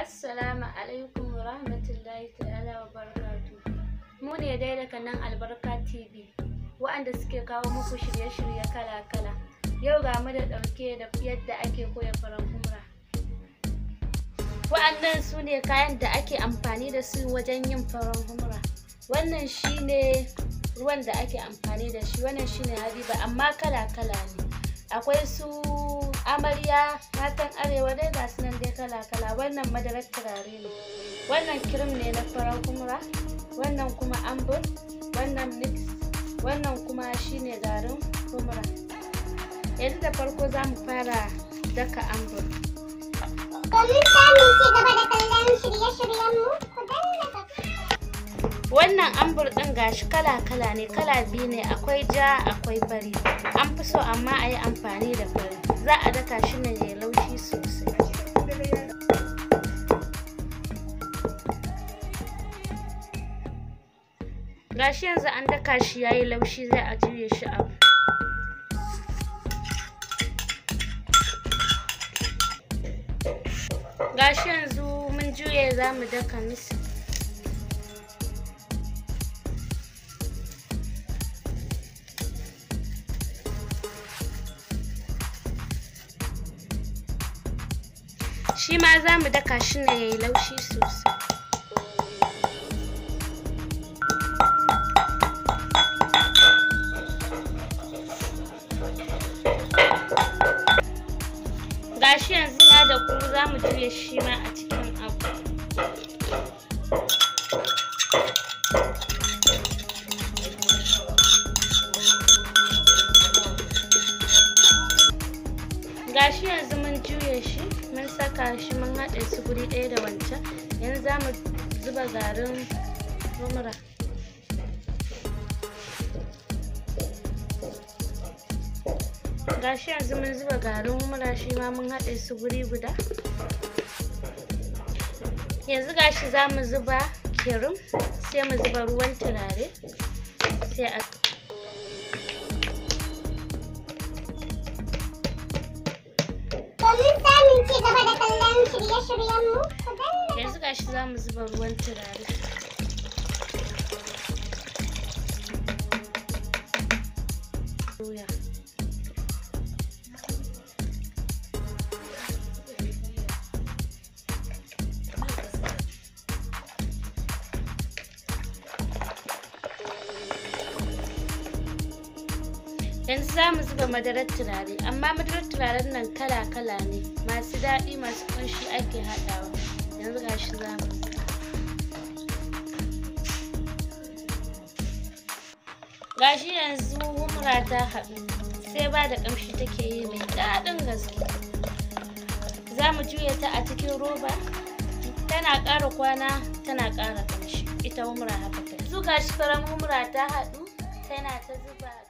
Assalamu alaikum wa rahmatullahi ta'ala wa barakatu. Mu ne dai daga nan Albarka TV, wa'anda suke kawo muku shirye-shirye kala-kala. Yau ga mu da ɗauke da yadda ake koya farar umra. wa'annan su ne kayan da ake amfani da su wajen yin farar umra. Wannan shi ne ruwan da ake amfani da shi, wannan shi ne habiba, amma kala-kala ne. Akwai su amarya matan arewa dai ga sunan dai kala kala wannan madarar turare ne wannan kirim ne na farar kumura wannan kuma ambur wannan mix wannan kuma shine garin kumura yanzu da farko za mu fara daka ambur domin sami ci gaba da kallon shirye-shiryenmu wannan ambur ɗin gashi kala-kala ne kala biyu ne akwai ja akwai fari an fi so amma a yi amfani da fari za a daka shi ne ya laushi sosai gashi yanzu an daka shi ya yi laushi zai a juye shi a gashi yanzu mun juye za mu daka misi shi ma za mu daka shi ne ya yi laushi sosai gashi yanzu ya da ku za mu juya shi ma a cikin abu gashi yanzu mun juya shi saka shi mun haɗe su guri ɗaya da wancan yanzu za mu zuba garin humra gashi yanzu mun zuba garin humra shi ma mun haɗe su guri guda yanzu gashi za mu zuba kirim sai mu zuba ruwan turare sai a mu ku danna yanzu gashi za mu zuba ruwan turare doya yanzu za mu zuba madarar turare amma madarar turaren nan kala-kala ne masu daɗi masu ƙunshi ake haɗawa yanzu ga shi za mu gashi yanzu humura ta haɗu sai ba da ƙamshi take yi mai daɗin gaske za mu juya ta a cikin roba tana ƙara kwana tana ƙara ƙamshi ita humura haka ta yanzu gashi faran humura ta haɗu tana ta zuba